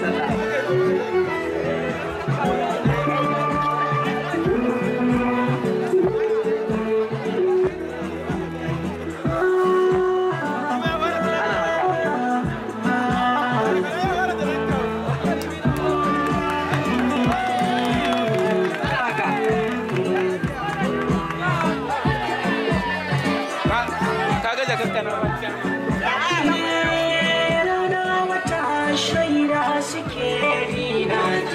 Yes,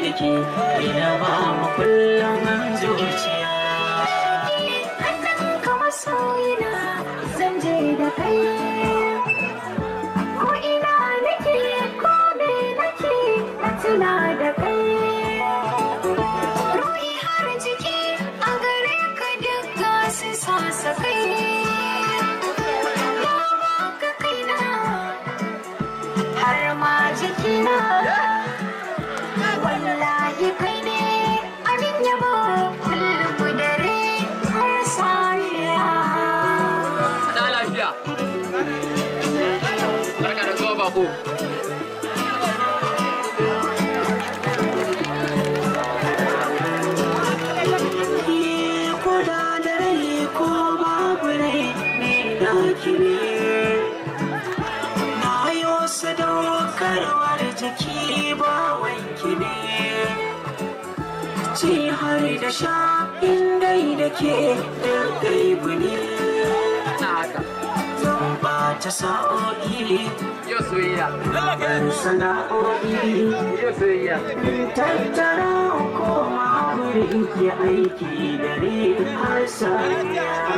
da ke ina ba mu kullum zuciya annan kama sauina zan je da kai ko ina nake ko me nake na tuna da kai ruhi har jiki a gare ka duk gasu sa kai har ma jikina warum. Na yi wasu daukarwar jiki ba wanki ne. ce har da sha in dai ta sa'o'i yo soyayya ban sana'o'i yo soyayya tattara koma gurin ke aiki dare har safiya